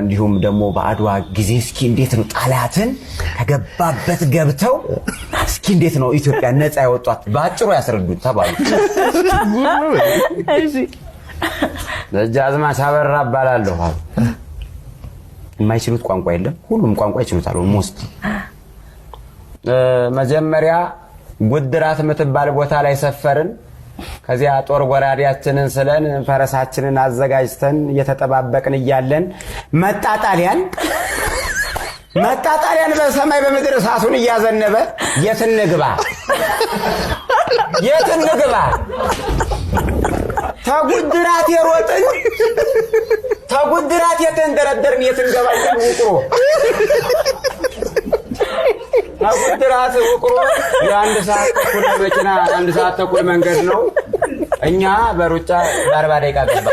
እንዲሁም ደግሞ በአድዋ ጊዜ እስኪ እንዴት ነው ጣሊያትን ከገባበት ገብተው እስኪ እንዴት ነው ኢትዮጵያ ነፃ ያወጧት በአጭሩ ያስረዱት ተባሉ። ደጃዝማች አበራ እባላለሁ። የማይችሉት ቋንቋ የለም፣ ሁሉም ቋንቋ ይችሉታል። ሞስት መጀመሪያ ጉድራት የምትባል ቦታ ላይ ሰፈርን። ከዚያ ጦር ወራሪያችንን ስለን ፈረሳችንን አዘጋጅተን እየተጠባበቅን እያለን መጣ ጣሊያን መጣ ጣሊያን በሰማይ በምድር እሳቱን እያዘነበ የት እንግባ የት እንግባ ተጉድራት የሮጥን ተጉድራት የተንደረደርን የት እንገባ ውቅሮ ከኩድራት ውቅሮ የአንድ ሰዓት ተኩል መኪና አንድ ሰዓት ተኩል መንገድ ነው። እኛ በሩጫ በአርባ ደቂቃ ገባ